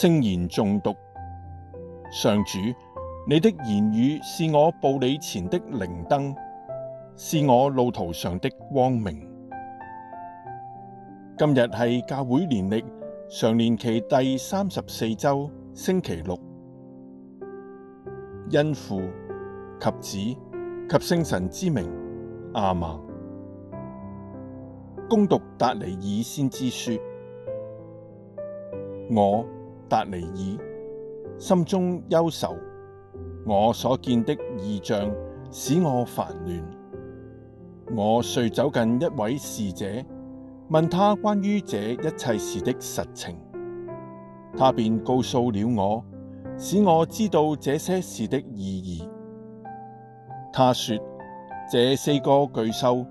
聖言誦讀，上主，你的言語是我步履前的靈燈，是我路途上的光明。今日係教會年曆常年期第三十四周星期六，因父及子及聖神之名亞孟，恭讀達尼爾先知書，我。達尼爾心中憂愁，我所見的異象使我煩亂。我遂走近一位侍者，問他關於這一切事的實情。他便告訴了我，使我知道這些事的意義。他說：這四個巨獸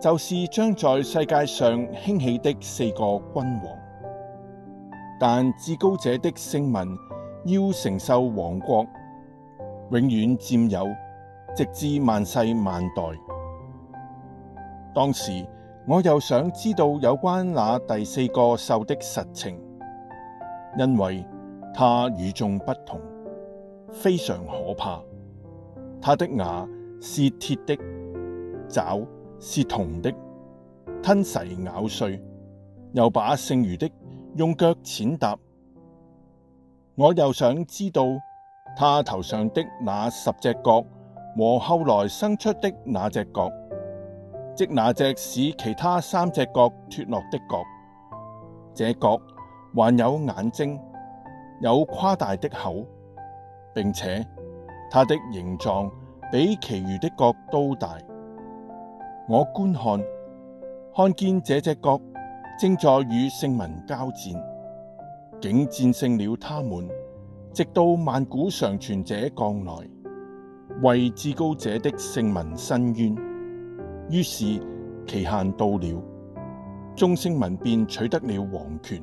就是將在世界上興起的四個君王。但至高者的聖民要承受王國，永遠佔有，直至萬世萬代。當時我又想知道有關那第四個獸的實情，因為它與眾不同，非常可怕。它的牙是鐵的，爪是銅的，吞噬咬碎，又把剩餘的。用腳踐踏，我又想知道他頭上的那十隻角和後來生出的那隻角，即那隻使其他三隻角脱落的角。這角還有眼睛，有誇大的口，並且它的形狀比其餘的角都大。我觀看，看見這隻角。正在與聖民交戰，竟戰勝了他們。直到萬古常存者降來，為至高者的聖民伸冤。於是期限到了，眾聖民便取得了王權。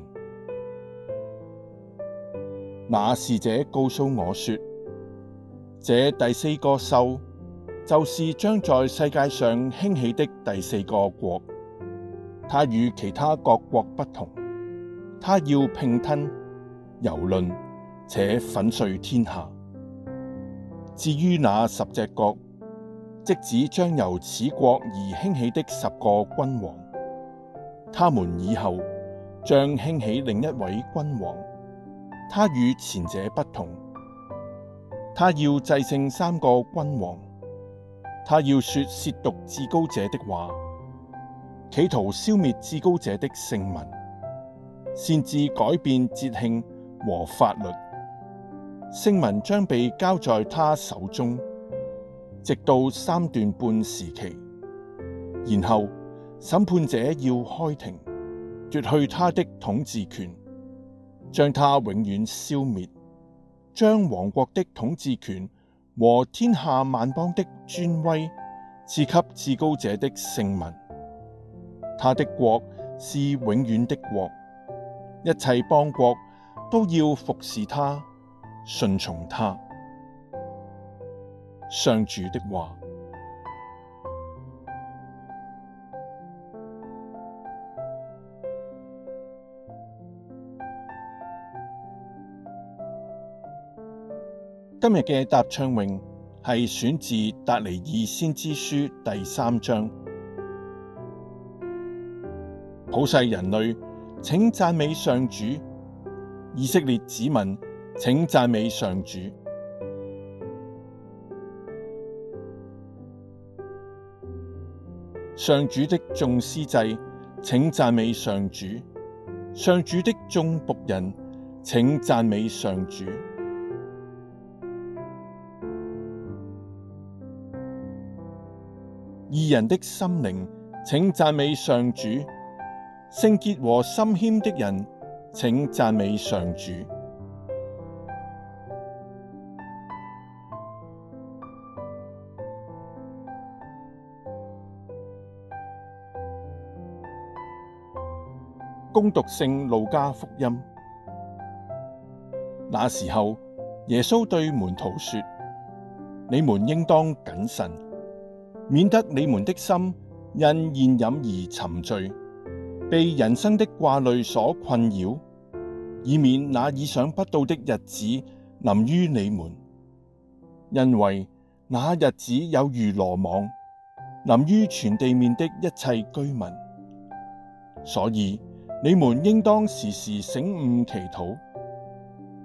那侍者告訴我說：這第四個獸，就是將在世界上興起的第四個國。他與其他各國不同，他要併吞、蹂躪且粉碎天下。至於那十隻角，即指將由此國而興起的十個君王。他們以後將興起另一位君王，他與前者不同。他要制勝三個君王，他要說褻瀆至高者的話。企圖消滅至高者的聖民，擅自改變節慶和法律。聖民將被交在他手中，直到三段半時期。然後審判者要開庭，奪去他的統治權，將他永遠消滅，將王國的統治權和天下萬邦的尊威，賜給至高者的聖民。他的國是永遠的國，一切邦國都要服侍他、順從他。上主的話。今日嘅答唱詠係選自《達尼爾先知書》第三章。普世人類，請讚美上主；以色列子民，請讚美上主；上主的眾司祭，請讚美上主；上主的眾僕人，請讚美上主；義人的心靈，請讚美上主。聖潔和心謙的人，請讚美上主。恭讀聖路加福音。那時候，耶穌對門徒說：你們應當謹慎，免得你們的心因宴飲而沉醉。被人生的掛慮所困擾，以免那意想不到的日子臨於你們，因為那日子有如羅網，臨於全地面的一切居民。所以你們應當時時醒寤祈禱，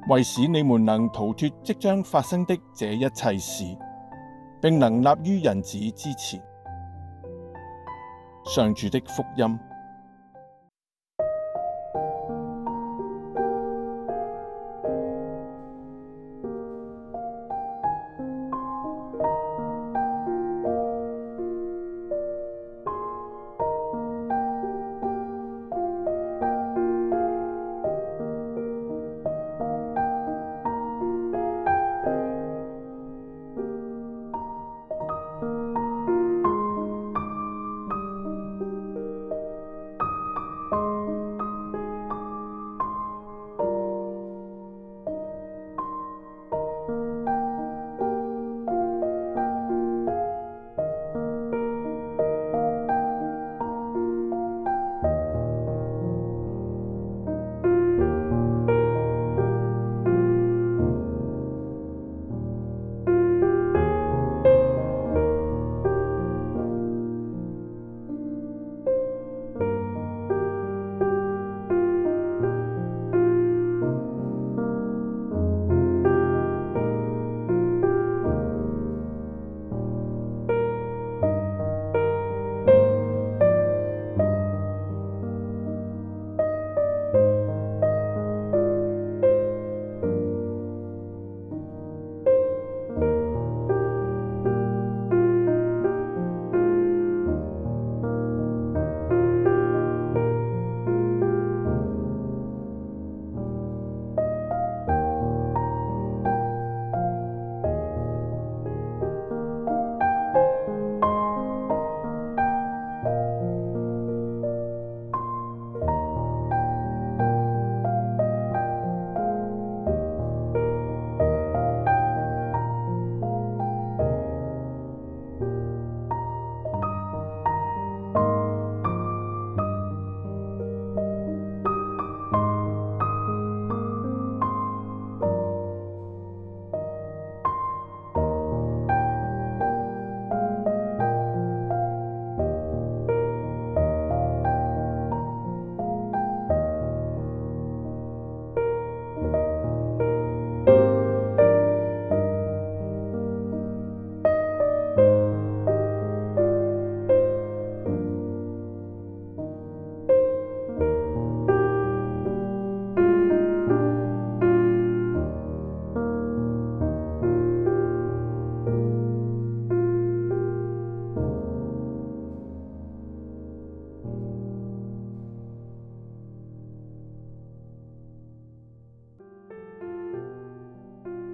為使你們能逃脫即將發生的這一切事，並能立於人子之前。上主的福音。